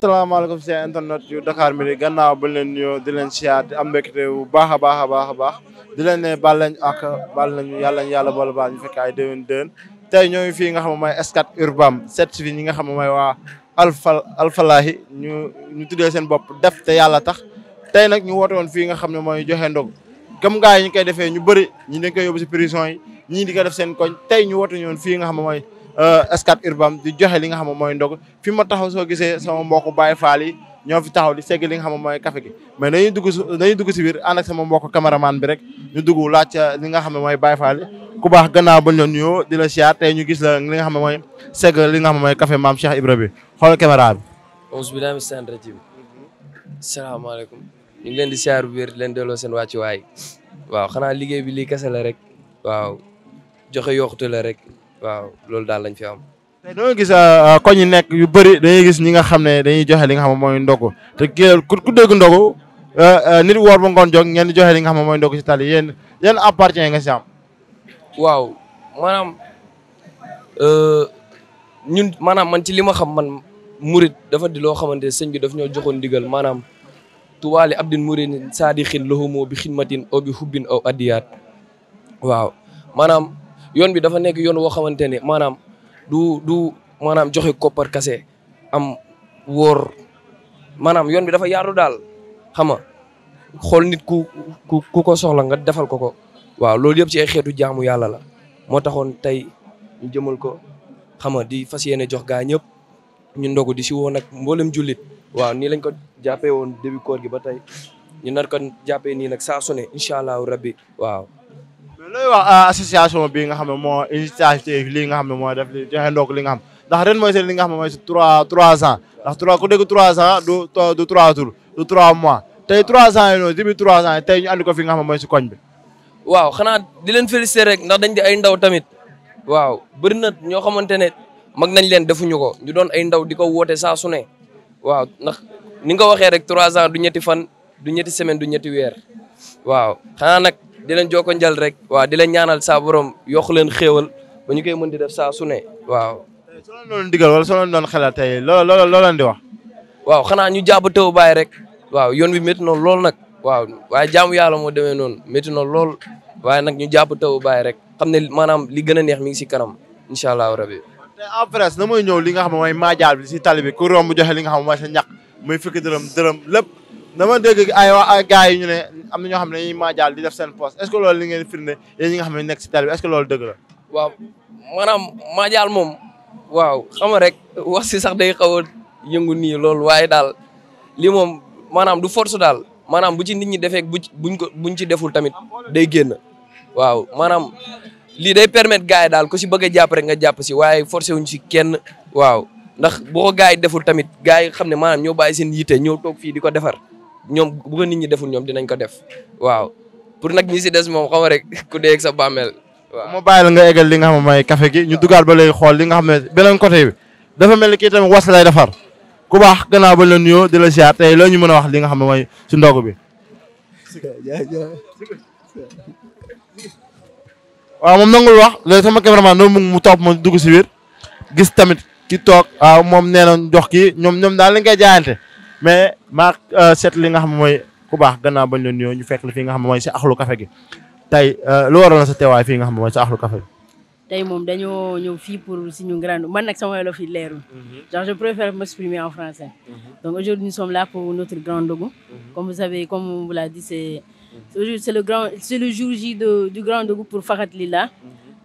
salaamaaleykum si internet yu Dakar Midi gannaaw bi leen nuyoo di leen siyaat di bu baax a baax a baax a baax di leen ne baal lañ ak baal nañu yàlla ñu yàlla boole baal ñu fekk ay déwén déwén tey ñoo ngi fii nga xam ne mooy Scat Urbam seet si fi ñi nga xam ne mooy waa Alfa Alfalahi ñu ñu tuddee seen bopp def te yàlla tax tey nag ñu woote woon fii nga xam ne mooy joxe ndog comme gars yi ñu koy defee ñu bëri ñu dañ koy yóbbu si prison yi ñii di ko def seen koñ tey ñu woote ñoon fii nga xam ne mooy Euh, Scat Urbam di joxe li nga xam ne mooy ndog fi ma taxaw soo gisee sama mbokku Baye Fall yi ñoo fi taxaw li segg li nga xam ne mooy café gi mais dañuy dugg si dañuy dugg si biir ànd ak sama mbokku caméraman bi rek ñu dugg laaj nga xam ne mooy Baye Fall ku baax gannaaw ba ñu nuyoo di la siyaar tey ñu gis la li nga xam ne mooy segg li nga xam ne mooy café maam Cheikh Ibra bi xool caméra salaamaaleykum ñu ngi leen di siyaar bu wér leen delloo seen waay waaw xanaa liggéey bi lii kese la rek waaw joxe yoxtu la rek waaw loolu daal lañ fi am. tey dañoo gis euh, euh, koñ yi nekk yu bëri dañuy gis ñi nga xam ne dañuy joxe li nga xam ne mooy ndogu te ku dégg ndogu euh, nit woor ba ngoon jóg ngeen joxe li nga xam ne mooy ndogu si tali yéen yéen appartient nga si am. waaw maanaam ñun maanaam man ci lima xam man murit dafa di loo xamante sëñ bi daf ñoo joxoon ndigal maanaam tuwaali abdin muridin saadi xin loxumoo bi xidmatin aw bi xubbin aw addiyaat waaw maanaam yoon bi dafa nekk yoon woo xamante ne maanaam du du maanaam joxe koppar kase am wóor maanaam yoon bi dafa yaatu daal xam nga xool nit ku ku ku ko soxla nga defal ko ko. waaw loolu yëpp ci ay xeetu jaamu yàlla la moo taxoon tey ñu jëmal ko xam nga di fas yéene jox gaa ñëpp ñu ndogu di si woon nag mboolem julit waaw nii lañ ko jàppee woon début koor gi ba tey ñu nar ko jàppee nii nag saa su ne incha allahu rabbi waaw. mais looy wax euh, association bi nga xam ne moo initiative lii nga xam ne moo def li joxe ndokk li nga xam ndax ren mooy trois ans ndax ku dégg trois ans du trois mois tey trois ans yi noonu début trois ans yi tey ñu andi ko fi nga xam ne mooy koñ bi. waaw xanaa di leen féliciter rek ndax dañ di ay ndaw tamit waaw bëri na ñoo xamante ne mag nañ leen defuñu ko ñu doon ay ndaw di ko woote saa su ne waaw ndax ni nga ko waxee rek trois ans du ñetti fan du ñetti semaine du ñetti weer waaw xanaa nag. di leen jokko njal rek waaw di leen ñaanal saa borom yokk leen xéewal ba ñu koy mën di def saa su ne waaw. soo leen doon digal wala soo leen doon xelal tey loo loo leen di wax. waaw xanaa ñu jàpp taw bàyyi rek waaw yoon wi métti noonu lool nag waaw waaye jaamu yàlla moo demee noonu métti noonu lool waaye nag ñu jàpp taw bàyyi rek xam ne maanaam li gën a neex mi ngi si kanam incha allahu rabi. te après na mooy ñëw li nga xam ne mooy maajaal bi si tali bi ku romb joxe li nga xam ne mooy sa ñàkk lépp dama dégg ay waa gars yi ñu ne am na ñoo xam ne dañuy maajaal di def seen poste est ce que loolu li ngeen firnde yéen ñi nga xam ne nekk si tali bi est dëgg la. waaw maanaam maajaal moom. waaw xam nga rek wax si sax day xaw a yëngu nii loolu waaye daal lii moom maanaam du force daal maanaam bu ci nit ñi defee buñ ko buñ ci deful tamit day génn waaw maanaam lii day permettre gars yi daal ko si bëgg a rek nga jàpp si waaye forcé wuñ si kenn waaw ndax boo ko yi deful tamit gars yi xam ne maanaam ñoo bàyyi seen yitte ñoo toog fii di ko defar ñoom bu ko nit ñi deful ñoom dinañ ko def waaw pour nag ñi si des moom xam rek ku dee ak sa bàmmeel waaw ma bàyyi la nga eggal li nga xam ne mooy café gi ñu dugaat ba lay xool li nga xam ne beneen côté bi dafa mel ni kii tamit was lay defar ku baax gannaaw ba la nuyoo di la tey loo ñu mën a wax li nga xam ne mooy si ndogu bi waaw moom wax léegi sama cameraman no mu mu topp ma dugg si biir gis tamit ki toog waaw moom nee na jox kii ñoom ñoom daal lañ koy jaayante mais ma euh, seet li nga xam mooy ku baax gannaaw bañ leen nuyoo ñu fekk li fi nga xam mooy si axlu café gi tey euh, lu waral na sa teewaay fi nga xam mooy si axlu café gi tey moom dañoo ñëw fii pour suñu grande man nag sama wolof yi leerul mhm. genre je préfère m'exprimer en français mhm. donc aujourd'hui nous sommes pour notre grand dogu mhm. comme vous savez comme on vous l'a le grand c'est le jour J de du grand dogu pour Fakhat Lillah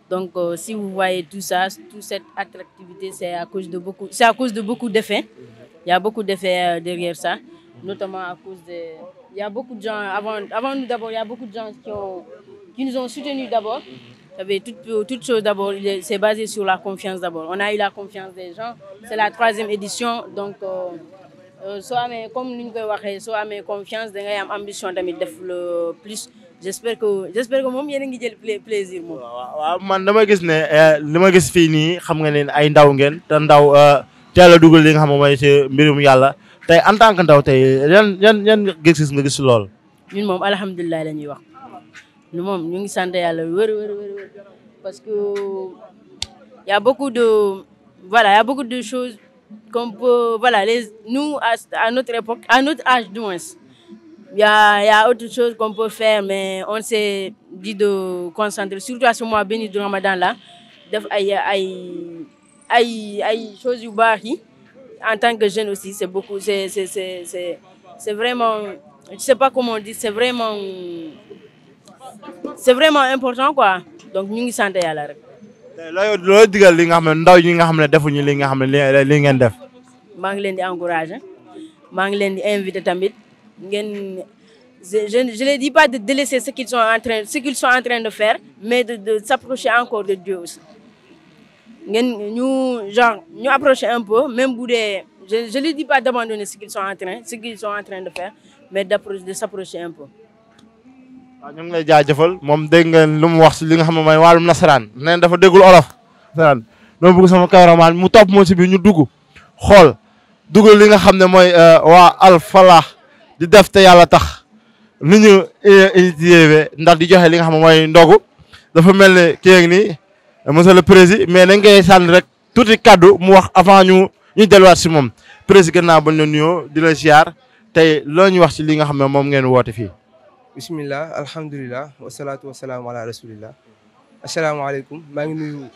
donc euh, si vous voyez tout ça toute cette attractivité c'est de beaucoup c'est Il y a beaucoup d'effets euh, derrière ça, notamment à cause de... Il y a beaucoup de gens, avant, avant nous d'abord, il y a beaucoup de gens qui, ont, qui nous ont soutenus d'abord. Euh, toute, chose d'abord, c'est basé sur la confiance d'abord. On a eu la confiance des gens. C'est la troisième édition, donc... Euh, euh soo comme ni ñu koy waxee soo amee confiance da ngay am ambition tamit def le plus j'espère que j'espère que moom yéen a ngi jël plaisir moom. waaw man dama gis ne eh, li ma gis fii nii xam nga ne ay ndaw ngeen te ndaw teel a dugal li nga xam moom mooy si yàlla tey en tant que ndaw tey yan yan yan nga gis lool. ñun moom alhamdulilah la ñuy wax ñu moom ngi sant yàlla wër wër wër parce que y a beaucoup de voilà y a beaucoup voilà les nous à notre époque à notre âge du moins y autre chose qu'on peut mais on s'est dit de concentrer surtout à ce mois béni du Ramadan là ay ay choses yu baax yi en tant que jeune aussi c'est beaucoup c'est c'est c'est c'est vraiment je sais pas comment on dit c'est vraiment c'est vraiment important quoi donc ñu ngi sant yàlla rek. looy looy digal li nga xam ne ndaw ñi nga xam ne defuñu li nga xam ne li ngeen def. maa ngi leen di encourager maa ngi leen di inviter tamit ngeen je ne je ne dis pas de délaisser ce qu'ils sont en train de faire mais de de s'approcher encore de Dieu aussi. ngeen ñu genre ñu approcher un peu même bu dee je je lui dis pas d'abandonner ce qu'ils sont en train ce qu'ils sont de faire mais d'approcher de s'approcher un peu. waaw ñu ngi lay jaajëfal moom dégg ngeen lu mu wax si li nga xam ne mooy wàllum nasaraan nee dafa déggul olof. nasaraan dama bëgg sama cameraman mu topp moo si bi ñu dugg xool dugal li nga xam ne mooy euh, waa Alfalaah di def te yàlla tax ni ñu euh, initié ndax di joxe li nga xam ne mooy ndogu dafa mel ne kii nii. monsieur le président mais nañ ngay sànni rek tuuti kaddu mu wax avant ñu ñu delluwaat si moom président gannaaw bañ la nuyoo di la ziar tey loo ñu wax si li nga xam ne moom ngeen woote fii. bisimilah alhamdulilah wasalaatu wasalaamu ala rasulillah asalaamaaleykum maa ngi nuyu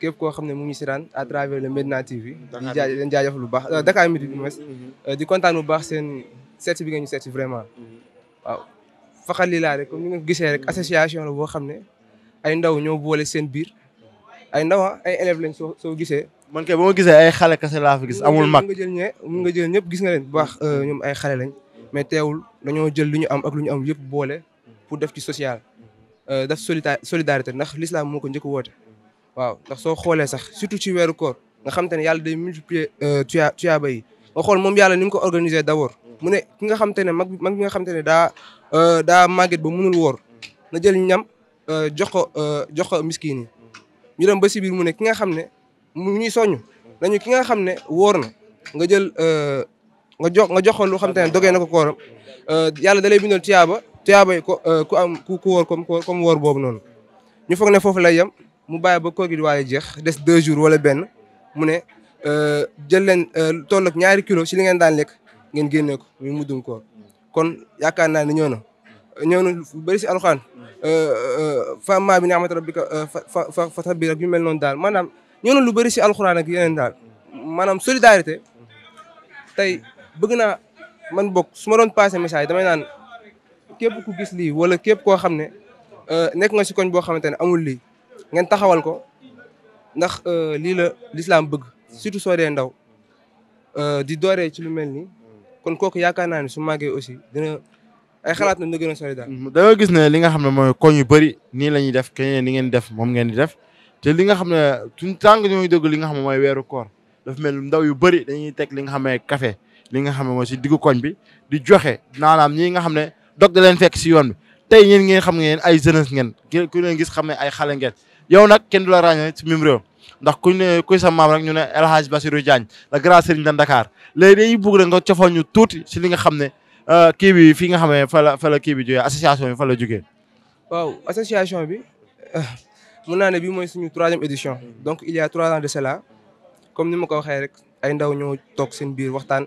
képp koo xam ne mu ngi si daan à travers le Medina TV. di jaaj leen jaajëf lu baax euh, Dakar Midi du moins mm-hmm. euh, di kontaan bu baax seen seet bi nga ñu seet vraiment mm-hmm. waaw faxal lii rek comme ni nga gisee rek mm-hmm. association la boo xam ne. ay ndaw ñoo boole seen biir ay ndaw ay élèves lañ soo soo gisee. man kay ba ma gisee ay xale kese laa fi gis amul mag. nga jël ñee mun nga jël ñëpp gis nga leen bu baax euh, ñoom ay xale lañ mais teewul dañoo jël lu ñu am ak lu ñu am yëpp boole pour def ci social. Euh, daf solidarité ndax l'islam moo ko njëkk woote waaw ndax soo xoolee sax surtout ci weeru koor nga xam te ne yàlla day multiplier euh, tuya tuyaaba yi nga xool moom yàlla ni mu ko organisé d'abord mu ne ki nga xam te ne mag mag bi nga xam te ne daa daa màgget ba mënul woor Euh, jox ko euh, jox ko miskiin yi ñu dem ba si biir mu ne ki nga xam ne mu ñuy soññ nañu ki nga xam ne wóor na nga jël euh, nga jox nga jox ko lu xam te ne dogee na ko kooram yàlla da lay bindal tuyaaba tuyaaba ko ku am ku ku wóor comme comme boobu noonu. ñu foog ne foofu lay yem mu bàyyi ba ko gi waaye jeex des deux jours wala benn mu ne jël leen toll ak ñaari kilo si li ngeen daan lekk ngeen génnee ko mu muddum koor kon yaakaar naa ne ñëw na ñëw na lu bëri si alxuraan fa maa bi ni'mati rabbika euh, fa fa tabbir ak yu mel noonu daal maanaam ñoo lu bari si alxuraan ak yeneen daal maanaam solidarité tey bëgg naa man bokk su ma doon passé message damay naan képp ku gis lii wala képp koo xam ne euh, nekk nga si koñ boo xamante ne amul lii ngeen taxawal ko ndax euh, lii la lislaam bëgg surtout soo dee ndaw di dooree ci lu mel nii kon kooku yaakaar naa su màggee aussi ay xalaat na ñu gën a sori li nga xam ne mooy koñ yu bëri nii la ñuy def keneen ni ngeen def moom ngeen di def te li nga xam ne suñu tàng ñooy dëgg li nga xam ne mooy weeru koor dafa mel ndaw yu bëri dañuy teg li nga xam ne café li nga xam ne mooy si diggu koñ bi di joxe naanaam ñii nga xam ne dog da leen fekk si yoon bi tey ñeen ngeen xam ngeen ay jeunesse ngeen ku leen gis xam ne ay xale ngeen yow nag kenn du la ràññee si même réew ndax kuñ ne kuy sa maam rek ñu ne El Hadj Bassirou Diagne la grand serigne de Dakar léegi dañuy bëgg rek nga cofal ñu tuuti si li nga xam ne Euh, kii bi fi nga xam ne fa la kii bi jógee association bi fa la association bi euh, mun naa ne bii mooy suñu troisième édition donc il y a trois ans de comme ni ma ko waxee rek ay ndaw ñoo toog biir waxtaan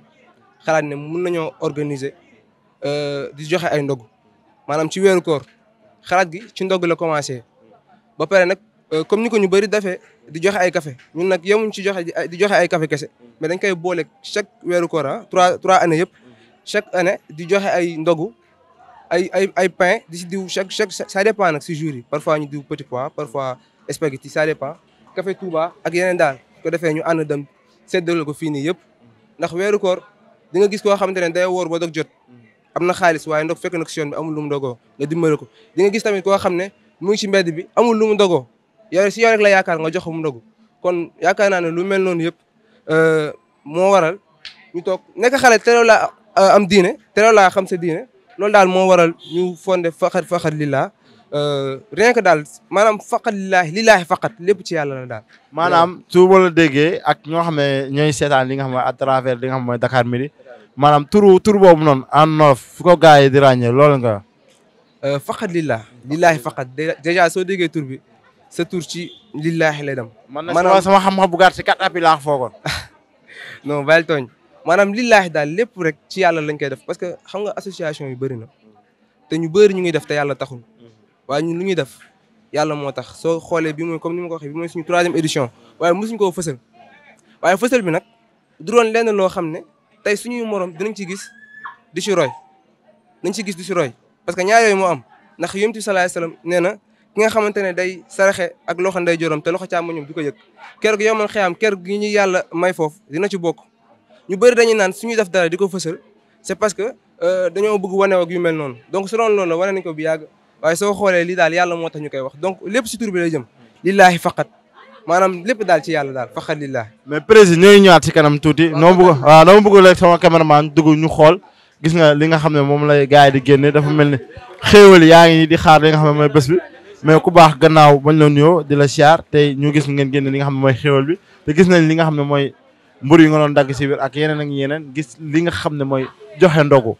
xalaat ne mun nañoo organiser euh, di joxe ay ndog maanaam ci weeru koor xalaat gi ci ndog la commencé ba pare nag comme ni ko ñu bëri defee di joxe ay kafe ñun nag yemuñ ci joxe di joxe ay café kese dañ koy boole chaque weeru koor ah trois trois années yëpp. chaque année di joxe ay ndogu ay ay ay pain di si diw chaque chaque ça dépend nag si jour yi parfois ñu diw petit pois parfois spaghetti ça dépend café Touba ak yeneen daal ko defee ñu ànd dem seddale ko fii nii yëpp ndax weeru koor di nga gis koo xamante ne day woor ba dog jot am na xaalis waaye ndog fekk na si yoon bi amul lu mu dogoo nga dimbale ko di nga gis tamit koo xam ne mu si mbedd bi amul lu mu dogoo yow la yaakaar nga jox ko mu dogu kon yaakaar naa ne lu mel noonu yëpp euh, moo waral ñu toog nekk xale te la Euh, am diine te la laa xam sa diine loolu daal moo waral ñu fondé faqat faqat lillah euh, rien que daal maanaam faqat lillaahi lillaahi faqat lépp ci yàlla la daal. maanaam su ma la ak ñoo xam ne ñooy seetaan li nga xam ne à travers li nga xam mooy Dakar Midi maanaam turu tur boobu noonu en noof fu ko gars yi di ràññee loolu nga. Euh, faqat lillah lillaahi faqat dèjà soo déggee tur bi sa tur ci lillaahi lay dam man na sama xam-xam bu gàtt si kat appui laax foogoon. non maanaam lillaahi daal lépp rek ci yàlla lañ koy def parce que xam nga association yu bëri na te ñu bëri ñu ngi def te yàlla taxul waaye ñun lu ñuy def yàlla moo tax soo xoolee bi mooy comme ni ma ko waxee bi mooy suñu troisième édition waaye mosuñu koo fësal waaye fësal bi nag du doon lenn loo xam ne tey suñuy moroom dinañ ci gis di ci dañ ci gis di ci roy parce que ñaar yooyu moo am ndax yonent bi salaay salaam nee na ki nga xamante ne day saraxe ak loxo ndeyjooram te loxo càmmoñam du ko yëg kër gi yomal xiyam kër gi ñu yàlla may foofu dina ci bokk ñu bëri dañuy naan suñuy def dara di ko fësal c'est parce que euh, dañoo bëgg wane ak yu mel noonu donc su doon loolu la wane nañ ko bu yàgg waaye soo xoolee lii daal yàlla moo tax ñu koy wax donc lépp si tur bi lay jëm lillaahi faqat maanaam lépp daal ci yàlla daal faqat lillaahi mais président ñooy ñëwaat si kanam tuuti noo bëgg waaw noo bëgg léegi sama caméraman dugg ñu xool gis nga li nga xam ne moom lay gars yi di génne dafa mel ni xéewal yaa ngi di xaar li xam ne mooy mais ku baax gannaaw bañ la nuyoo di la siyaar tey ñu gis ngeen génne li nga xam ne mooy xéewal bi nañ li nga xam ne mooy mbur yi nga doon dagg si biir ak yeneen ak yeneen gis li nga xam ne mooy joxe ndogu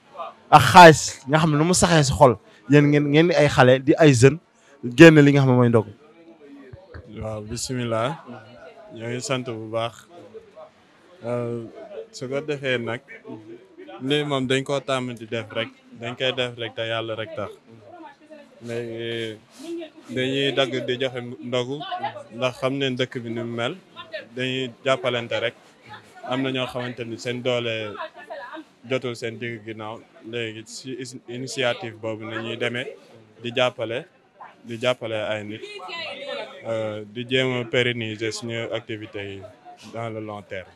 ak xaalis nga xam ne nu mu saxee si xol yéen ngeen ngeen di ay xale di ay jeunes génn li nga xam ne mooy ndogu. waaw bisimilah ñoo sant bu baax euh, su ko defee nag moom dañ koo tàmm di def rek dañ koy def rek te yàlla rek tax dañuy dagg di joxe ndogu ndax xam ne dëkk bi ni mel dañuy jàppalante rek. am na ñoo xamante ni seen doole jotul seen digg ginnaaw léegi si initiative boobu na ñuy demee di jàppale di jàppale ay nit euh, di jéem a pérenniser suñu activité yi dans le long terme.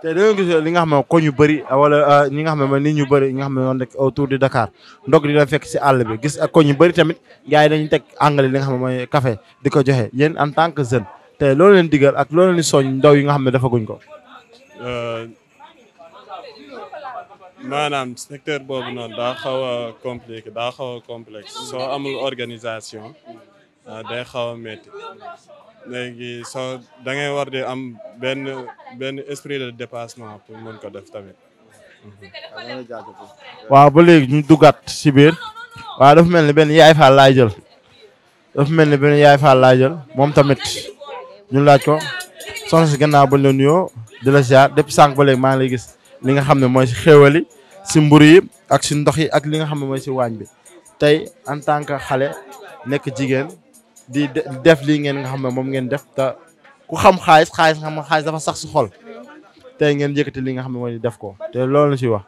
te dañoo gis li nga a ne ko ñu bëri ah, wala ah, ñi nga xam ne nit ñu bëri i nga xam ne noonu rek autour de Dakar ndog di la fekk si àll bi gis ak ko ñu bëri tamit gars yi dañuy teg anglais li nga xam ne mooy café di ko joxe yéen en tant que jeune te loolu leen digal ak loolu leen soñ ndaw yi nga xam ne dafaguñ ko. Euh, maanaam secteur boobu noonu daa xaw a daa xaw a complexe soo amul organisation euh, day xaw a métti léegi soo da war de am benn benn esprit de dépassement pour mën ko def tamit. Mhm. waaw ba léegi ñu duggaat si biir waaw dafa mel ni benn yaay faal laay jël mel ni benn yaay faal laay moom tamit ñu laaj ko soxna si gannaaw ba la nuyoo di la ziar depuis sànq ba léegi maa ngi lay gis li nga xam ne mooy si xéewal si mburu yi ak si ndox yi ak li nga xam ne mooy si waañ bi tey en tant que xale nekk jigéen di def lii ngeen nga xam ne moom ngeen def te ku xam xaalis xaalis nga xam xaalis dafa sax si xol tey ngeen yëkkati li nga xam ne mooy def ko te loolu la si wax.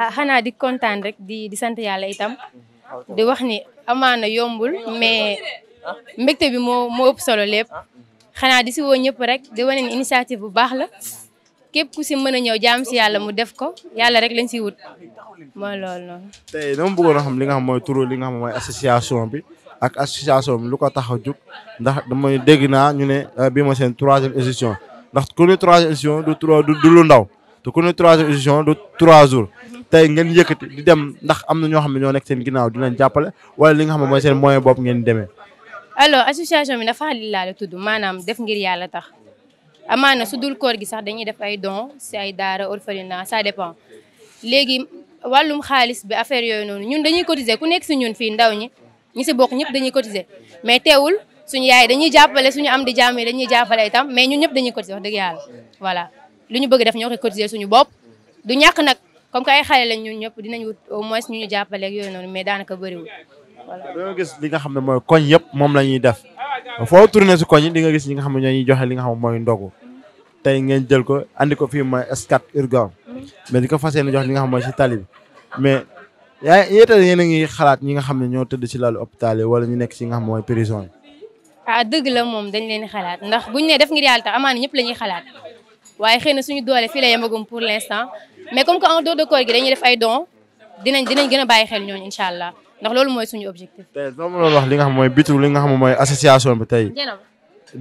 ah xanaa di kontaan rek di di sant yàlla itam di wax ni amaana yombul mais ah. mbégte bi moo moo ëpp solo lépp. Ah. xanaa di si woo ñëpp rek di wane ni initiative bu baax la képp ku si mën a ñëw jaam si yàlla mu def ko yàlla rek lañ si wut mooy loolu noonu. tey dama bëggoon a xam li nga xam mooy turu li nga xam mooy association bi ak bi lu ko tax a jóg ndax damay dégg naa ñu ne euh, bii mooy seen troisième édition ndax ku ne troisième édition du lu ndaw te ku ne troisième édition du trois jours. tey ngeen yëkkati di dem ndax am na ñoo xam ne ñoo nekk seen ginnaaw dinañ jàppale wala li nga xam ne mooy seen moyen bopp ngeen deme alors association bi dafa xalil laa la tudd maanaam def ngir yàlla tax amaana su dul koor gi sax dañuy def ay don si ay daara orphelinat ça dépend léegi wàllum xaalis bi affaire yooyu noonu ñun dañuy cotiser ku nekk si ñun fii ndaw ñi ñi si bokk ñëpp dañuy cotiser mais teewul suñu yaay dañuy jàppale suñu am di jaam dañuy jàppale itam mais ñun ñëpp dañuy cotiser wax dëgg yàlla voilà lu ñu bëgg def ñoo koy cotiser suñu bopp du ñàkk nag comme que ay xale lañ ñun ñëpp dinañ wut au moins ñu ñu jàppale ak yooyu noonu mais daanaka bëriwul dañoo gis li nga xam ne mooy koñ yëpp moom la ñuy def foo tourné si koñ yi di nga gis ñi nga xam ne ñoo ñuy joxe li nga xam ne mooy ndogu nga xam a ñi nga xam ne ñoo tëdd si lalu hôpital yi wala ñu nekk si nga xam mooy prison yi ah dëgg la moom dañ leen xalaat ndax buñ ne def ngir yàlla tax amaana ñëpp la ñuy xalaat waaye xëy na suñu doole fii la yemagum pour l'instant mais comme que en dehors de gi dañuy def ay dons dinañ gën a bàyyi xel ñooñu incha allah ndax loolu mooy suñu objectif. tey soo mënoon wax li nga xam mooy biti li nga xam mooy association bi tey.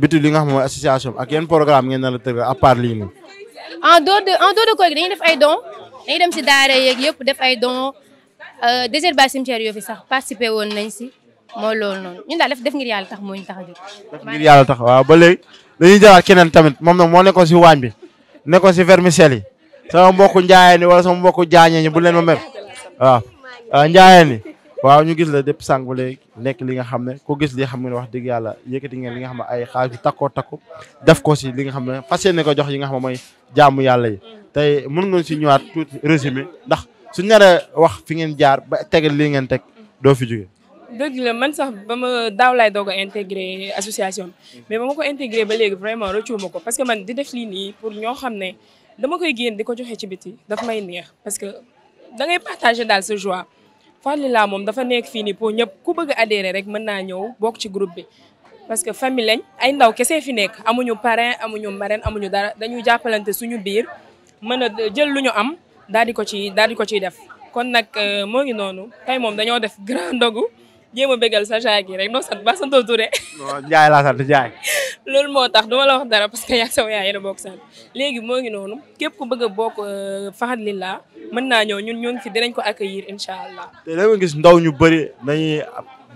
bitu li nga xam mooy association bi ak yan programme ngeen nar a tëgg en dehors de en dehors de def ay dons dañuy dem si daara yeeg yëpp euh, sax participer woon nañ si mooy loolu noonu ñun daal def def ngir yàlla tax moo tax ngir yàlla tax waaw ba léegi dañuy keneen tamit moom nag moo nekkoon si waañ bi nekkoon si vermicelle yi mbokku njaayeen ni wala sama mbokku jaañeen ni bu leen ma mer waaw waaw waaw ñu gis la dépp sànq ba nekk li nga xam ne ko gis li nga xam ne wax dëgg yàlla yëkkati ngeen li nga xam ne ay xaalis yu takkoo takku def ko li nga xam ne fas wax fi ngeen jaar ba tegal li ngeen teg doo fi jóge dëgg la man sax ba ma daaw laay doog a intégré association mais ba ma ko intégré ba vraiment ko parce que man di ñoo xam ne dama koy di ko joxe ci biti daf da ngay partagé daal sa joie Fadlila moom dafa nekk fii ni pour ñëpp ku bëgg a rek mën naa ñëw bokk ci groupe bi parce que famille lañ ay ndaw kese fi nekk amuñu parrain amuñu marraine amuñu dara dañuy jàppalante suñu biir mën a jël lu ñu am daal di ko ci daal di ko ciy def kon nag euh, moo ngi noonu tey moom dañoo def grand ndogu jéem a bégal sa jaay gi rek noo sant ba santoo Touré. waaw Ndiaye laa sant Ndiaye. loolu moo tax duma la wax dara parce que yaa sama yaay yéen sant léegi moo ngi noonu képp ku bëgg a bokk euh, Fahadlillah mën naa ñëw ñun ñoo ngi fi dinañ ko accueillir incha allah. te da nga gis ndaw ñu bëri dañuy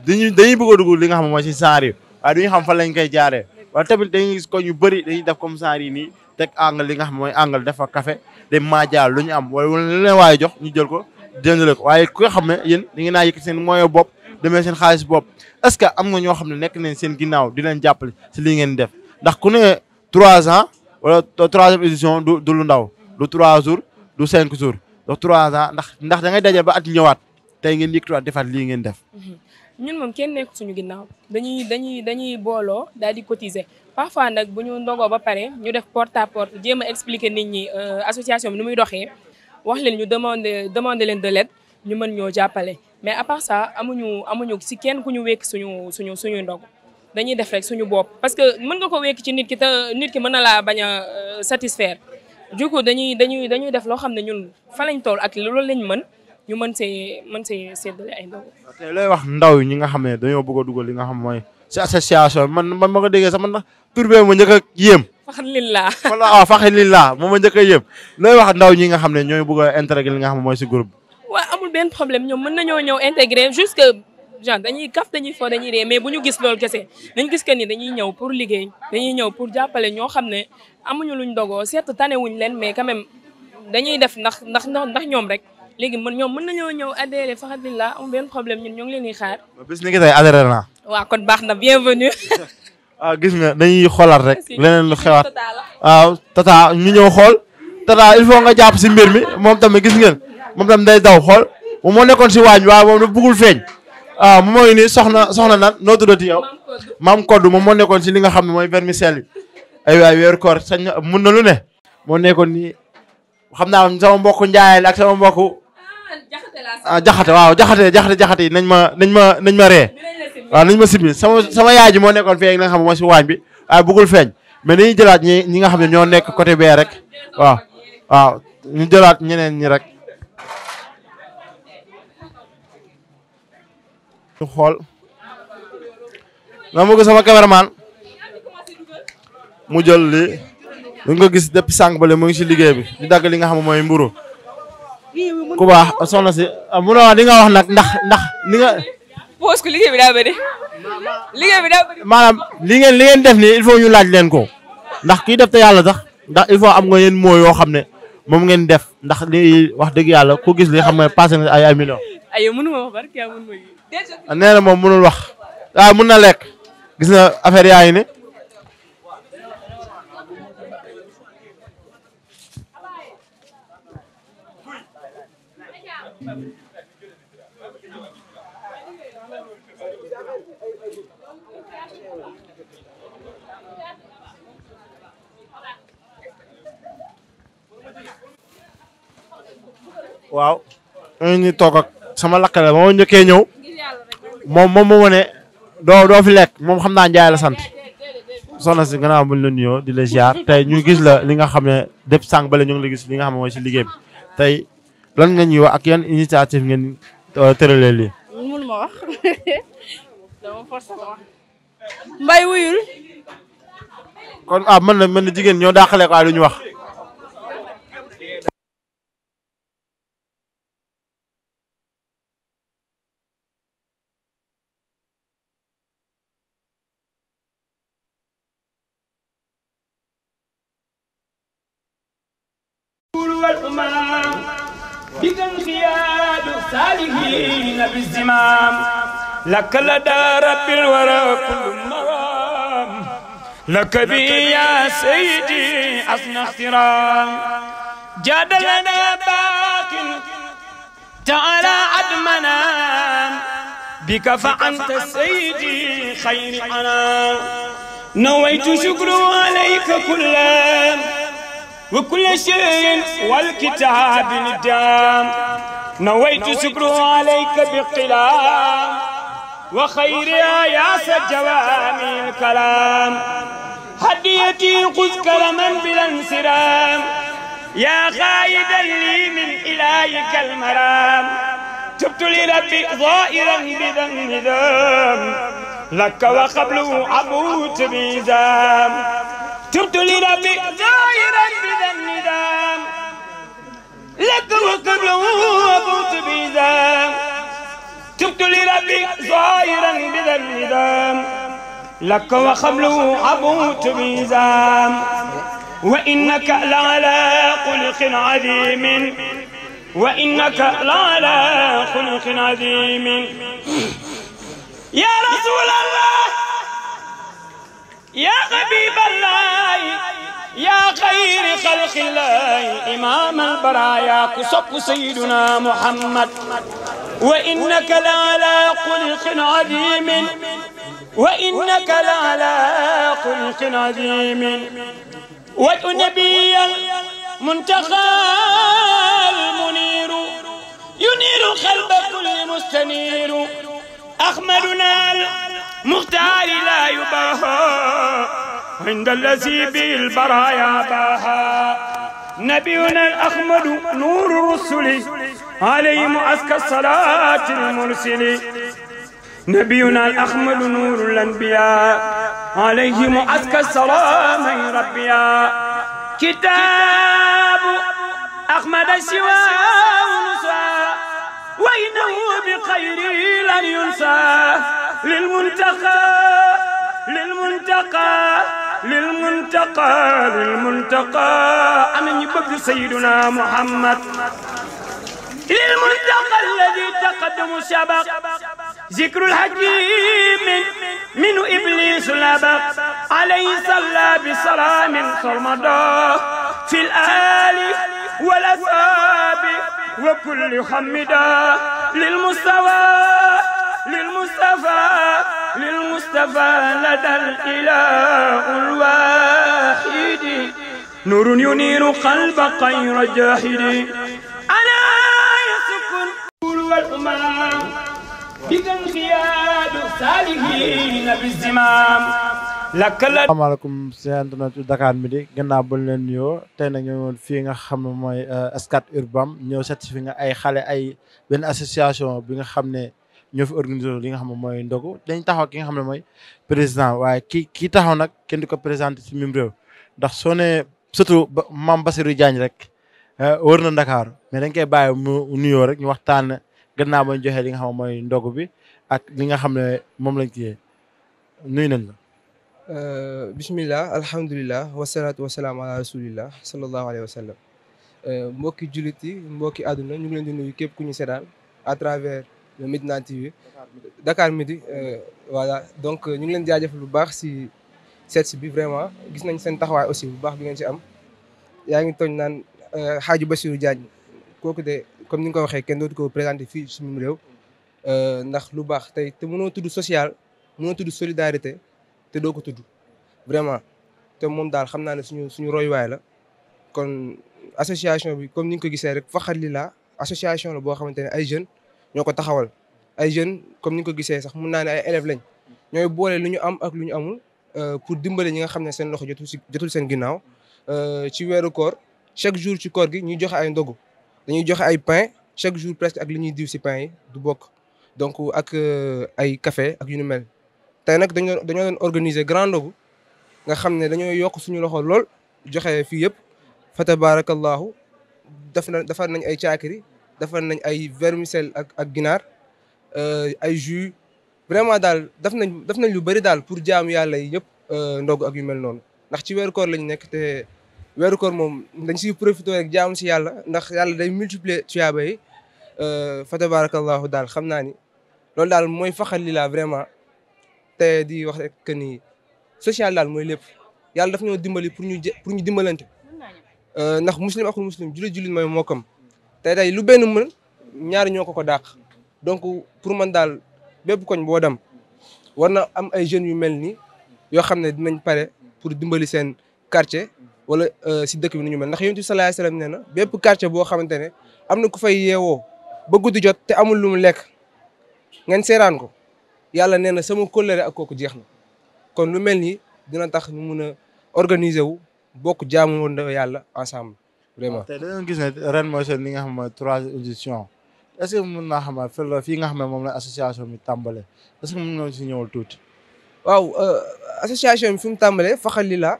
dañuy dañuy bëgg a dugg li nga xam mooy si saar yi waaye ñu xam fan lañ koy jaare waaye tamit dañuy gis ko ñu bëri dañuy def comme saar yi nii teg angle li nga xam mooy angle dafa kafe de maajaar lu ñu am wala lu waaye jox ñu jël ko jëndale ko waaye ku nga xam ne yéen da ngeen naa yëkk seen moyen bopp demee seen xaalis bopp est-ce que am nga ñoo xam ne nekk nañ seen ginnaaw di leen jàppale si li ngeen def ndax ku ne trois ans wala du du ndaw du trois jours du cinq jours du trois ans ndax ndax da ngay dajal ba at ñëwaat tey ngeen yëkkatiwaat defaat lii ngeen def. Mhm. ñun moom kenn nekk suñu ginnaaw dañuy dañuy dañuy booloo daal di cotiser parfois nag bu ñu ndogoo ba pare ñu def porte à porte jéem a expliquer nit ñi euh, association bi nu muy doxee wax leen ñu demander demander leen de l'aide ñu mën ñoo jàppale. mais à part ça amuñu amuñu si kenn ku ñu wékk suñu suñu suñuy ndog dañuy def rek suñu bopp parce que mën nga ko wékk ci nit ki te nit ki mën na laa bañ a euh, satisfaire du dañuy dañuy dañuy def loo xam ne ñun fa lañ tool ak loolu lañ mën ñu mën see mën see séddale ay ndog. tey looy wax ndaw ñi nga xam ne dañoo bëgg dugal li xam mooy si man man ma ko déggee sax man nag tur bee ma a yéem. faxalilaa waaw ah, faxalilaa moom ma njëkk a yéem ndaw ñi nga xam ne ñooy bëgg a intégrer li nga xam mooy si groupe amul benn problème ñoom mën nañoo ñëw intégré jusque genre dañuy kaf dañuy fo dañuy ree mais bu ñu gis loolu kese dañ gis que ni dañuy ñëw pour liggéey dañuy ñëw pour jàppale ñoo xam ne amuñu luñ dogoo certes tanewuñ leen mais quand même dañuy def ñoom rek léegi mën ñoom mën nañoo ñëw adhéré faxadillah amul benn problème ñun ñoo leen di xaar. bis ni ki tey adhéré naa. waaw kon baax na bienvenue. ah gis nga dañuy xoolaat rek. leneen lu xewaat waaw tata ñu ñëw xool. tata il faut nga jàpp si mbir mi moom tamit gis ngeen moom tamit day daw xool. moom moo nekkoon si waañ waaw moom dafa bëggul feeñ waaw ah, moom mooy soxna soxna nan noo tuddati maam koddu moom moo nekkoon si li nga xam ne mooy vermicelle bi ay waay weeru sañ na mun na lu ne moo nekkoon nii xam naa sama mbokk njaayal ak sama mbokk ah, ah jaxate waaw jaxate jaxate jaxate yi nañ ma nañ ma nañ ma ree nañ ma simbi sama sama yaay ji moo nekkoon feeñ nga xam ne si waañ bi waaye bëggul feeñ mais dañuy jëlaat ñi ñi nga xam ne ñoo nekk côté bee rek waaw waaw jëlaat ñeneen ñi rek ñu xool na ma ko sama cameraman mu jël lii lu nga gis depuis sànq bale mu ngi si liggéey bi di dagg li nga xam mooy mburu ku baax soxna si ah, munoo di nga wax nag ndax ndax ni nga. poos liggéey bi daa bëri. liggéey maanaam li ngeen li ngeen def ni il faut ñu laaj leen ko ndax kii def te yàlla sax ndax il faut am nga yéen moo yoo xam ne moom ngeen def ndax li wax dëgg yàlla ku gis li xam nga passé na ay ay Ah, nee moom mënul wax waaw ah, mën na lekk gis na affaire yaa ngi ni waaw ñooñu toog ak sama lakkale ba ma njëkkee ñëw moom moom mu wane doo doo fi lekk moom xam naa Ndiaye la sant soxna si gannaaw buñ la nuyoo di la ziar tey ñu gis la li nga xam ne dépp sànq bale ñu ngi la gis li nga xam ne mooy si liggéey bi tey lan nga ñuy wax ak yan initiative ngeen euh, tëralee lii. mun ma mbay wuyul. kon ah mën na mën na jigéen ñoo dàqale ko waaye du ñu wax. والأمام بكم قياد الصالحين بالزمام لك لدى رب الورى كل مرام لك بي يا سيدي حسن احترام جاد لنا باق تعالى عدمنا بك فأنت سيدي خير أنا نويت شكر عليك كلام وكل شيء والكتاب ندام نويت شكره عليك بقلام وخيرها يا سجوامي الكلام هديتي خذ كرما بلا انسرام يا غايدا لي من إلهك المرام تبت لربي ظائرا بذنب ذنب لك وقبله عبوت بذنب تبت لربي زاهرا بذا الندام لك وقبله وقمت بذام تبت لربي زاهرا بذا الندام لك وقبله عبوت بذام وإنك لعلى خلق عظيم وإنك لعلى خلق عظيم يا رسول الله يا حبيب الله يا خير خلق الله إمام البرايا كسب سيدنا محمد وإنك لعلى خلق عظيم وإنك لعلى خلق عظيم والنبي المنتقى المنير ينير قلب كل مستنير أحمدنا مختار لا يباهى عند الذي بالبرايا باها نبينا الأحمد نور الرسل عليهم أزكى الصلاة المرسل نبينا الأحمد نور الأنبياء عليهم أزكى السلام من ربيا كتاب أحمد سواه نسى وإنه بخير لن ينسى للمنتقى للمنتقى للمنتقى للمنتقى أمن يبقى سيدنا محمد للمنتقى الذي تقدم سبق ذكر الحكيم من إبليس لبق عليه صلى بسلام صرمدا في الآل والأساب وكل حمدا للمستوى المصطفى للمصطفى لدى dakaan الواحد نور ينير قلب غير جاحد Midi gannaaw ba leen nuyoo tey fii nga xam ne mooy Scat Urbam ñëw seet nga ay xale ay benn association bi nga xam ne ñoo fi organisé li nga xam ne mooy ndogu dañ taxaw ki nga xam ne mooy président waaye ki kii taxaw nag kenn di ko présenté si mim réew ndax soo nee surtout maam Bassirou Diagne rek eh, wër na Ndakaaru mais dañ koy bàyyi mu nuyoo rek ñu waxtaan gannaaw ba ñu joxe li nga xam ne mooy ndogu bi ak li nga xam ne moom lañ ciyee nuyu nañ la. Eh, bisimilah alhamdulilah wasalaatu wasalaam ala rasulillah sallallahu alayhi wa sallam eh, mbokki jullit yi mbokki àdduna ñu ngi leen di nuyu képp ku ñu seetaan à travers. Medina TV Dakar Midi euh, voilà donc euh, ñu ngi leen jaajëfal bu baax si seet bi vraiment gis nañ seen taxawaay aussi bu baax bi ngeen si am yaa ngi tooñ naan xaaju euh, Bassirou Diagne kooku de comme ni nga ko waxee kenn dootu ko présenté fii suñu réew ndax lu baax tey te mënoo tudd social mënoo tudd solidarité te doo ko tudd vraiment te moom daal xam naa ne suñu suñu royuwaay la kon association bi comme ni nga ko gisee rek faxat li la association la boo xamante ne ay jeunes ñoo ko taxawal ay jeunes comme ni nga ko gisee sax mun naa ne ay élèves lañ ñooy boole lu ñu am ak lu ñu amul euh, pour dimbale ñi nga xam ne seen loxo jotul si jotul seen ginnaaw euh, ci weeru koor chaque jour ci koor gi ñuy joxe ay ndogu dañuy joxe ay pain chaque jour presque ak li ñuy diw si pain yi du bokk donc euh, ak ay kafe ak yu nu mel tey nag dañoo dañoo doon organiser grand ndogu nga xam ne dañoo yokk suñu loxo lool joxe fii yëpp fa tabarakallahu def na defar nañ ay caakiri defal nañ ay vermicelle ak ak ginaar euh, ay jus vraiment daal def nañ def nañ lu bari daal pour jaamu yàlla yi ñëpp euh, ndog ak yu mel noonu ndax ci weeru koor lañ nekk te weeru moom dañ siy profité rek jaam si yàlla ndax yàlla day multiplier tuyaaba yi euh, fa tabarakallahu daal xam naa ni loolu daal mooy faxal li vraiment te di wax rek que ni social daal mooy lépp yàlla dafa ñoo dimbali pour ñu pour ñu dimbalante ndax muslim akul muslim jullit jullit mooy mokkam tey tey lu benn mën ñaari ñoo ko ko dàq donc pour man daal bépp koñ boo dem war na am ay jeunes yu mel nii yoo xam ne dinañ pare pour dimbali seen quartier wala euh, si dëkk bi nu ñu mel ndax yonent bi sallallahu alayhi wasallam nee na bépp quartier boo xamante ne am na ku fay yeewoo ba guddi jot te amul lu mu lekk ngeen seeraan ko yàlla nee na sama kóllëre ak kooku jeex na kon lu mel ni dina tax ñu mun a organiser wu bokk jaamu woon yàlla ensemble vraiment te dañoo gis ne ren mooy seen nga xam ne mooy troisième édition est-ce que mën naa xam ne fii la nga xam ne moom la association bi tàmbale est-ce que si ñëwal tuuti. waaw euh, association bi fi mu tàmbalee faxali la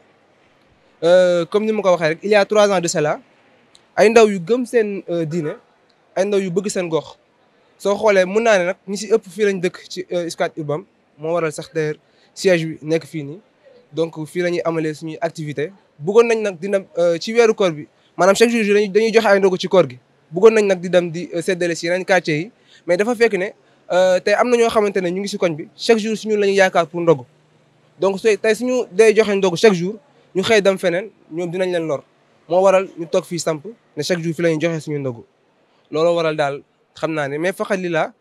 euh, comme ni ma ko waxee rek il y a trois ans de cela ay ndaw yu gëm seen euh, diine ay ndaw yu bëgg seen gox soo xoolee mun naa ne nag ñi si ëpp fii lañ dëkk ci Scat Urbam moo waral sax d'ailleurs siège bi nekk fii nii donc fii la ñuy amalee suñuy activité bëggoon nañ nag dina ci weeru koor bi. maanaam chaque jour dañuy dañuy joxe ay ndogu ci koor gi bëggoon nañ nag di dem di euh, seddale si yeneen quartier yi mais dafa fekk ne euh, te am na ñoo xamante ne ñu ngi si koñ bi chaque jour suñu la ñu yaakaar pour ndogu donc su tey suñu day joxe ndogu chaque jour ñu xëy dem feneen ñoom dinañ leen lor moo waral ñu toog samp chaque jour la ñuy joxe suñu ndogu looloo waral daal xam naa ne mais faxat li laa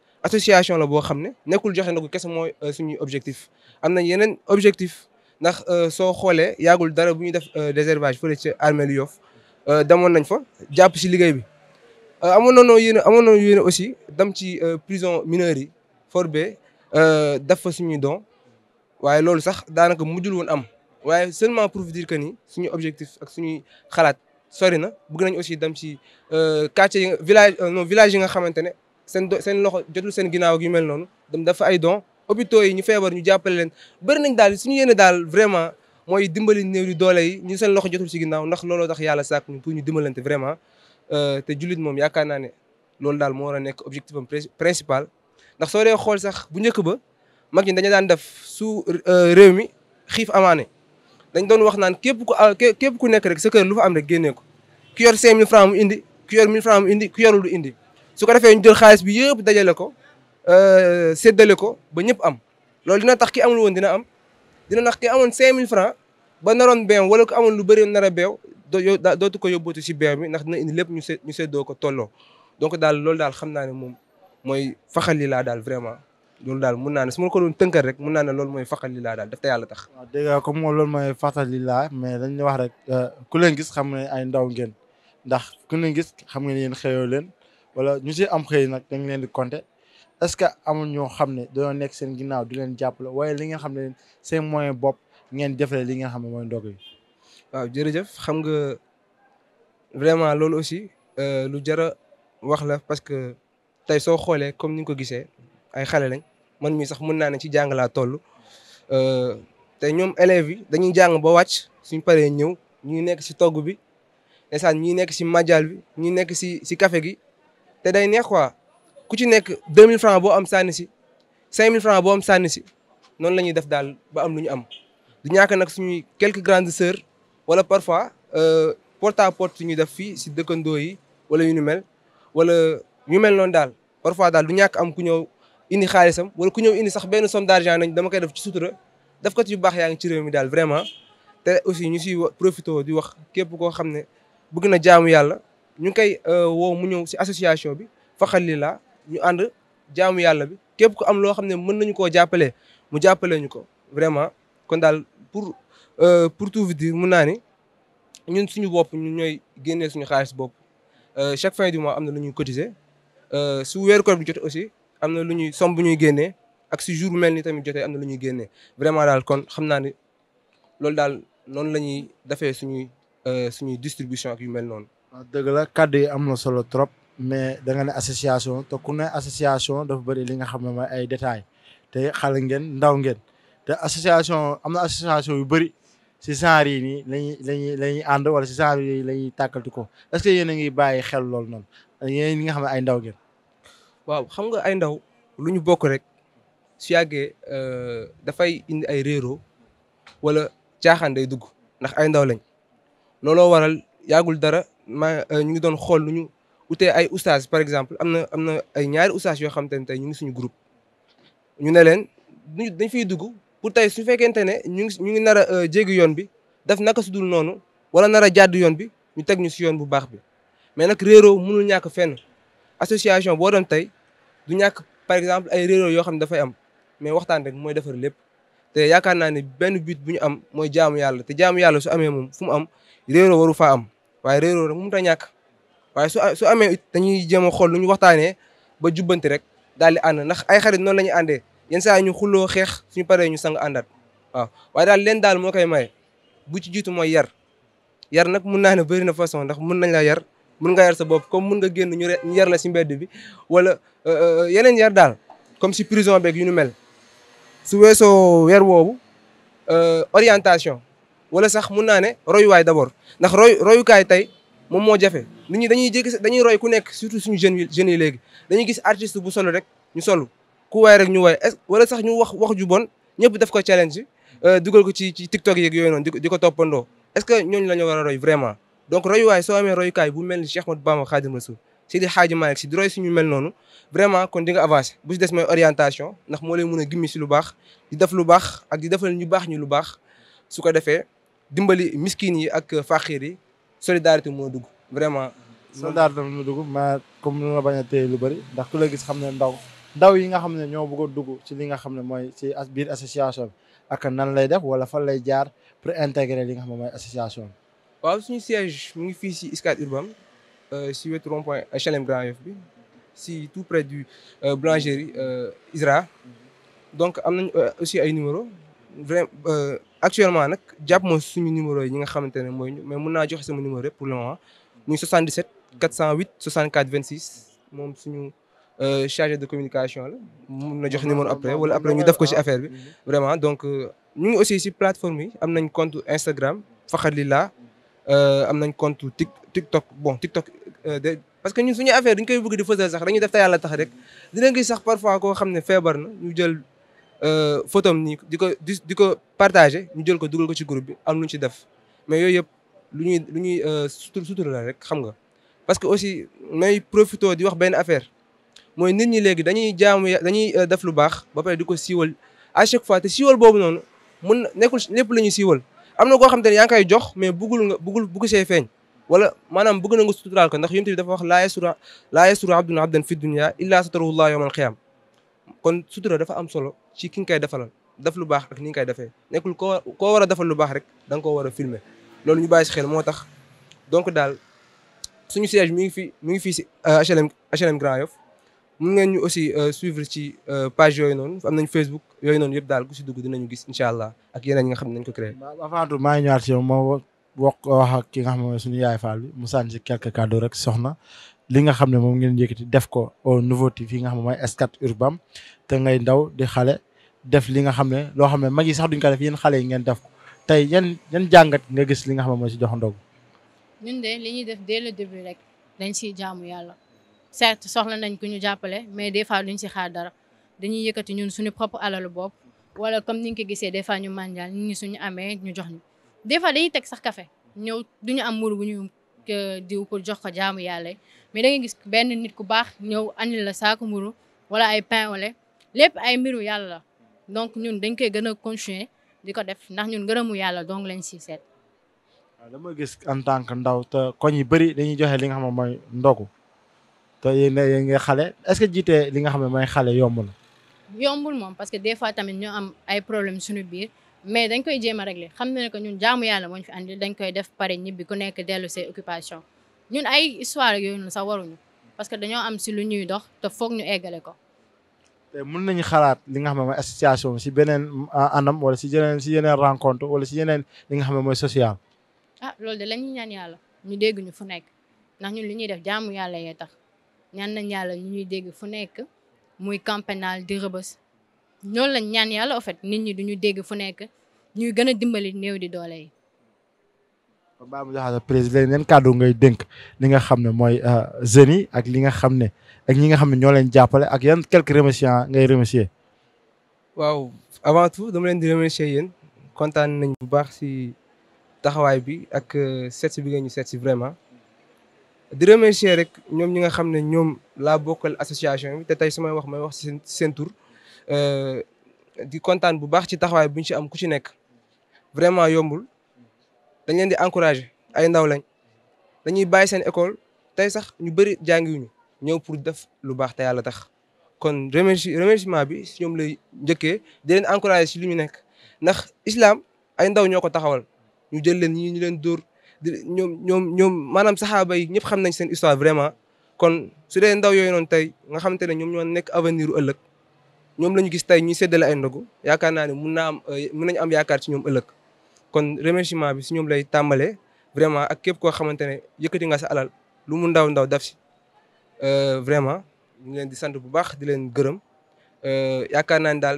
la boo xam ne nekkul joxe ndogu kese mooy euh, suñuy objectif am nañ yeneen objectif ndax soo xoolee yaagul dara bu ñuy def désherbage fële ci armée lu Yoff Euh, demoon nañ fa jàpp si liggéey bi euh, amoon nañoo yéene amoon nañoo yéene aussi dem ci euh, prison mineurs yi for be def fa suñuy don waaye loolu sax daanaka mujjul woon am waaye seulement pour vous dire que ni suñu objectif ak suñuy xalaat sori na bëgg nañ aussi dem ci quartier yi village non yi nga xamante ne seen seen loxo jotul seen ginnaaw yu mel noonu dem dafa ay don hôpitaux yi ñu feebar ñu jàppale leen bëri nañ daal suñu yéene daal vraiment mooy dimbali néew doole yi ñu seen loxo jot si ginnaaw ndax looloo tax yàlla sàkk ñu pour ñu dimbalante vraiment euh, te jullit moom yaakaar naane ne daal moo war a nekk objectif am principal ndax soo dee xool sax bu njëkk ba mag ñi dañu daan def su euh, réew mi xiif amaane dañ doon wax naan képp ku képp ku nekk rek sa kër lu fa am rek génnee ko ki yor 5000 francs mu indi ki yor 1000 indi ki yorul du indi su ko defee ñu jël xaalis bi yëpp dajale ko euh, séddale ko ba ñëpp am loolu dina tax ki amul woon dina am dina tax ki amoon ba naroon beew wala ko amoon lu bëri nara a beew doo dootu ko yóbbootu si beew bi ndax dina indi lépp ñu se ñu ko tolloo donc daal loolu daal xam naa ne moom mooy faxali laa daal vraiment loolu daal mun naa ne su ma ko doon tënkal rek mun naa ne loolu mooy faxali laa daal daf te yàlla tax. waaw dégg nga comme moom loolu mooy faxali laa mais dañuy wax rek euh, ku leen gis xam ne ay ndaw ngeen ndax ku leen gis xam ngeen yéen xëyoo leen wala ñu si am xëy nag dañ leen di compter est ce que amul ñoo xam ne dañoo nekk seen ginnaaw di leen jàppale waaye li nga xam ne seen moyen bopp ngeen jëfale li nga xam ne mooy ndog yi. waaw jërëjëf xam nga vraiment loolu aussi euh, lu jara wax la parce que tey soo xoolee comme ni nga ko gisee ay xale lañ man mii sax mën naa ne ci jàng laa toll euh, te ñoom élèves yi dañuy jàng ba wàcc suñ paree ñëw ñuy nekk si togg bi ndeysaan ñuy nekk si majal bi ñu nekk si si kafe gi te day neex quoi ku ci nekk deux mille francs boo am sànni si 5000 francs boo am sànni si noonu la ñuy def daal ba am lu ñu am. du ñàkk nag suñuy quelques grandes sœurs wala parfois euh, porte à porte ñuy def fii si dëkkandoo yi wala yu ñu mel wala ñu mel noonu daal parfois daal du ñàkk am ku ñëw indi xaalisam wala ku ñëw indi sax benn somme d'argent nañ dama koy def ci sutura def ko ci yu baax yaa ngi ci réew mi daal vraiment te aussi ñu siy profité di wax képp koo xam ne bëgg na jaamu yàlla ñu ngi koy euh, woo mu ñëw si association bi Fakhalillah ñu ànd jaamu yàlla bi képp ku am loo xam ne mën nañu koo jàppale mu jàppale ñu ko vraiment kon daal pour euh, pour tout vous mun naa ni ñun suñu bopp ñun ñooy génnee suñu xaalis bopp euh, chaque fin du mois am na lu ñuy cotiser euh, su weer koor bi jot aussi am na lu ñuy somme bu ñuy génnee ak si jour mel ni tamit jotee am na lu ñuy génnee vraiment daal kon xam naa ni loolu daal noonu la ñuy defee suñuy suñuy distribution ak yu mel noonu. waaw dëgg la kàddu yi am na solo trop. mais da ne association te ku ne association dafa bëri li nga xam ne mooy ay détails te xale ngeen ndaw ngeen. te association am na association yu bëri si genre yi nii lañuy lañuy la ànd wala si genre yi lañuy ñuy tàkkalti ko est que yéen a ngi bàyyi xel loolu noonu yéen ni nga xam ne ay ndaw ngeen waaw xam nga ay ndaw lu ñu bokk rek su yàggee euh, dafay indi ay réeroo wala caaxaan day dugg ndax ay ndaw lañ looloo waral yàggul dara ma euh, ñu ngi doon xool lu ñu utee ay oustaz par exemple am na am na ay ñaari oustaz yoo xam te ne ñu ngi suñu group ñu ne leen dañ fiy dugg pour tey su fekkente ne ñu ngi ñu ngi nar a euh, yoon bi def naka su dul noonu wala nar a jàdd yoon bi ñu teg ñu si yoon bu baax bi mais nag réeroo mënul ñàkk fenn association boo doon tey du ñàkk par exemple ay réeroo yoo xam ne dafay am mais waxtaan rek mooy defar lépp te yaakaar naa ne benn but bu ñu am mooy jaamu yàlla te jaamu yàlla su amee moom fu mu am réeroo waru faa am waaye réeroo rek mënut a ñàkk waaye su su amee it dañuy jéem a xool lu ñu waxtaanee ba jubbanti rek daal di ànd ndax ay xarit noonu la ñuy àndee yenn saa ñu xulloo xeex suñu paree ñu sang àndaat waaw waaye daal leen daal moo koy maye bu ci jiitu mooy yar yar nag mun naa ne bëri na façon ndax mun nañ la yar mun nga yar sa bopp comme mun nga génn ñu yar si mbedd bi wala euh, euh, yeneen yar daal comme si prison beeg yu ñu mel su weesoo weer woowu euh, orientation wala sax mun naa ne royuwaay d'abord ndax roy royukaay tey moom moo jafe nit ñi dañuy jékki dañuy roy ku nekk surtout suñu jeunes jeunes yi léegi dañuy gis artiste bu solo rek ñu solo ku waay rek ñu waay wala sax ñu wax wax ju bon ñëpp def ko challenge euh, dugal ko ci ci TikTok yeeg yooyu noonu di ko toppandoo est-ce que ñooñu la ñu war a roy vraiment donc royuwaay soo amee royukaay bu mel ni Cheikh Ahmadou Bamba Khadim Rasoul xaaj ma Malick si di roy ñu mel noonu vraiment kon di nga avancé bu si des mooy orientation ndax moo lay mën a gimmi si lu baax di def lu baax ak di defal ñu baax ñu lu baax su ko defee dimbali miskin yi ak faqir yi solidarité moo dugg vraiment. solidarité moo ma comme nu bañ a téye lu bëri ndax la gis xam ne ndaw. ndaw yi nga xam ne ñoo bëgg a dugg ci li nga xam ne mooy ci biir association bi ak nan lay def wala fan lay jaar pour intégrer li nga xam ne mooy association bi. waaw suñu siège mu ngi fii si Scat Urbam si euh, wetu rond point HLM Grand Yoff bi si tout près du euh, boulangerie euh, ISRA. donc am nañ aussi ay numéro vraiment actuellement nag jàpp moo suñu numéro yi ñi nga xamante ne mooy mais mun naa jox sama numéro rek pour le moment muy 77 408 64 26 moom suñu. Euh, chargé de communication la mun na jox numéro après wala après ñu def ko ci affaire bi mm-hmm. vraiment donc euh, ñu ngi aussi ci plateforme yi am nañ compte Instagram Fakhalila euh, am nañ compte Tik TikTok bon TikTok de parce que ñun suñu affaire dañ koy bëgg di fësal sax dañuy def te yàlla tax rek dinañ gis sax parfois koo xam ne feebar na ñu jël photo am nii di ko di di ko partagé ñu jël ko dugal ko ci groupe bi am lu ñu ci def mais yooyu yëpp lu ñuy lu ñuy sutur la rek xam nga parce que aussi nooy profité di wax benn affaire mooy nit ñi léegi dañuy jaamu dañuy euh, def lu baax ba pare di ko siiwal à chaque fois te siiwal boobu noonu mun nekkul lépp la ñuy siiwal am na koo xam te ne yaa ngi koy jox mais bëggul nga bëggul see feeñ wala maanaam bëgg na nga suturaal ko ndax yonent bi dafa wax laa yasura laa yasura abdun abdan fi dunya illaa satarahullah yawmal qiyaam kon sutura dafa am solo ci ki nga koy defalal def lu baax ak ni nga koy defee nekkul ko koo war a defal lu baax rek da nga koo war a filmer loolu ñu bàyyi si moo tax donc daal suñu siège mi ngi fi mi ngi fii si HLM euh, H&M, HLM Grand mun ngeen ñu aussi euh, suivre ci euh, page yooyu noonu am nañ Facebook yooyu noonu yëpp daal ku si dugg dinañu gis incha allah ak yeneen nga xam ne nañ ko créé. avant tout yaay Fall mu sànni si quelques cadeaux rek soxna li nga xam ne moom ngeen yëkkati def ko nouveau TV yi nga xam ne mooy Scat Urbam te ngay ndaw di xale def li nga xam ne loo xam ne mag yi sax duñ ko def yéen xale yi ngeen def ko tey yan yan jàngat nga gis li nga xam ne mooy si jox ndog. ñun de li ñuy certes soxla nañ ku ñu jàppale mais des fois duñ si xaar dara dañuy yëkkati ñun suñu propre alalu bopp wala comme ni nga ko gisee des fois ñu màndial nit ñi suñu amee ñu jox ñu des fois dañuy teg sax café ñëw duñu am mburu gu ñu diw pour jox ko jaamu yàlla mais da gis benn nit ku baax ñëw andil la saako mburu wala ay pain au lépp ay mbiru yàlla la donc ñun dañ koy gën a continuer di ko def ndax ñun ngërëmu yàlla dong lañ si seet. waaw dama gis en tant que ndaw te koñ yi bëri dañuy joxe li nga xam ne mooy te yéen a yéen nga xale est-ce que jiite li nga xam xale yombul moom parce que des fois tamit ñu am ay problème suñu biir mais dañ koy jéem a régler xam na ne que ñun jaamu yàlla moo ñu fi andi dañ koy def ñun ay histoire yooyu noonu sax parce que dañoo am si lu ñuy dox te foog ñu eggale ko. te mën nañu xalaat li nga xam ne mooy association si beneen ah, anam wala si yeneen si yeneen rencontre wala si jeneen li nga xam ne mooy social. ah loolu de la ñaan yàlla ñu dégg ñu fu nekk ndax ñun li ñuy def jaamu yàlla yee tax. ñaan nañ yàlla ñu ñuy dégg fu nekk muy camp pénal di rëbës loolu lañ ñaan yàlla en fait nit ñi duñu dégg fu nekk ñuy gën a dimbali néew di doole yi. Baba Moussa Diakhaté président leen kàddu ngay dénk li nga xam ne mooy euh, jeunes yi ak li nga xam ne ak ñi nga xam ne ñoo leen jàppale ak yan quelques remerciements ngay remercier. waaw avant tout dama leen di remercier yéen kontaan nañ bu baax si taxawaay bi ak euh, seet bi ngeen ñu seet si vraiment. di remercier rek ñoom ñi nga xam ne ñoom laa bokkal association bi te tey samay wax may wax ci seen tur euh, di kontaan bu baax ci taxawaay bu ñu ci am ku ci nekk vraiment yombul dañ leen di encourager ay ndaw lañ dañuy bàyyi seen école tey sax ñu bëri jàngiwuñu ñëw pour def lu baax te yàlla tax kon remerci remerciement bi ci ñoom lay njëkkee di leen encourager ci li ñu nekk ndax islam ay ndaw ñoo ko taxawal ñu jël leen ñi ñoom ñoom ñoom maanaam saxaaba yi ñëpp xam nañ seen histoire vraiment kon su dee ndaw yooyu noonu tey nga xamante ne ñoom ñoo nekk avenir ëllëg ñoom la ñu gis tey ñuy séddale ay ndogu yaakaar naa ne mun naa am euh, mun am yaakaar ci ñoom ëllëg kon remerciement bi si ñoom lay tàmbalee vraiment ak képp koo xamante ne yëkkati nga sa alal lu mu ndaw ndaw daf si euh, vraiment ñu leen di sant bu baax di leen gërëm euh, yaakaar naa ne daal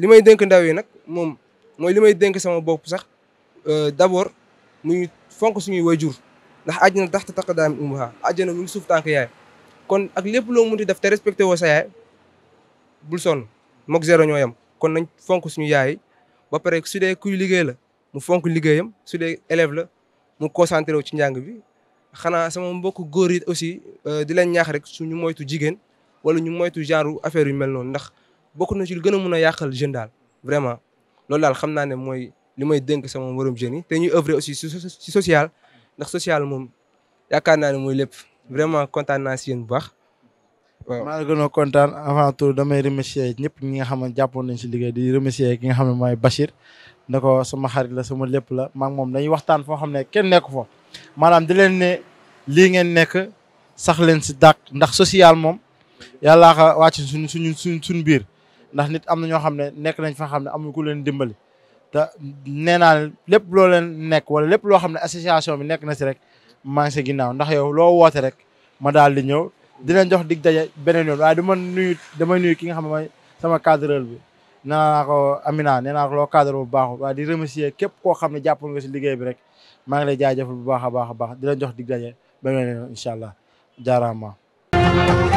li may dénk ndaw yi nag moom mooy li may dénk sama bopp sax d'abord muy fonk suñuy wayjur ndax àjjana taxta taqdaami ummuhaa àjjana mu ngi suuf tànk yaay kon ak lépp loo munti def te respecté woo sa yaay bul sonn mook zéro ñoo yam kon nañ fonk suñu yaay ba pare su dee kuy liggéey la mu fonk liggéeyam su dee élève la mu concentré wu ci njàng bi xanaa sama mbokk góor yi aussi euh, di leen ñaax rek suñu moytu jigéen wala ñu moytu genre affaire yu mel noonu ndax bokk na ci lu gën a mun a yàqal jeune daal vraiment loolu daal xam naa ne mooy li may dénk sama moroom jeunes yi te ñuy œuvrer aussi si si social ndax social moom yaakaar naa ne mooy lépp vraiment kontaan naa si yéen bu baax. waaw maa ngi gën a kontaan avant tout damay remercier ñëpp ñi nga xam ne jàppoon nañ si liggéey di remercier ki nga xam ne mooy Bachir. ne ko sama xarit la sama lépp la maa moom dañuy waxtaan foo xam ne kenn nekku fa di leen ne lii ngeen nekk sax leen si dàq ndax social moom yàllaa ko wàcc suñu suñu suñ suñ biir ndax nit am na ñoo xam ne nekk nañ fa xam ne amuñu ku leen dimbali. te nee naa lépp loo leen nekk wala lépp loo xam ne association bi nekk na si rek maa ginaaw ndax yow loo woote rek ma daal di ñëw dinañ jox dig daje beneen yoon waaye du ma nuyu dama nuyu ki nga xam ne mooy sama cadreur bi nee naa ko Amina nee naa ko loo cadre bu baaxul waaye di remercier képp koo xam ne jàppal nga si liggéey bi rek maa ngi lay jaajëfal bu baax a baax a baax dinañ jox dig daje beneen yoon incha allah jaaraama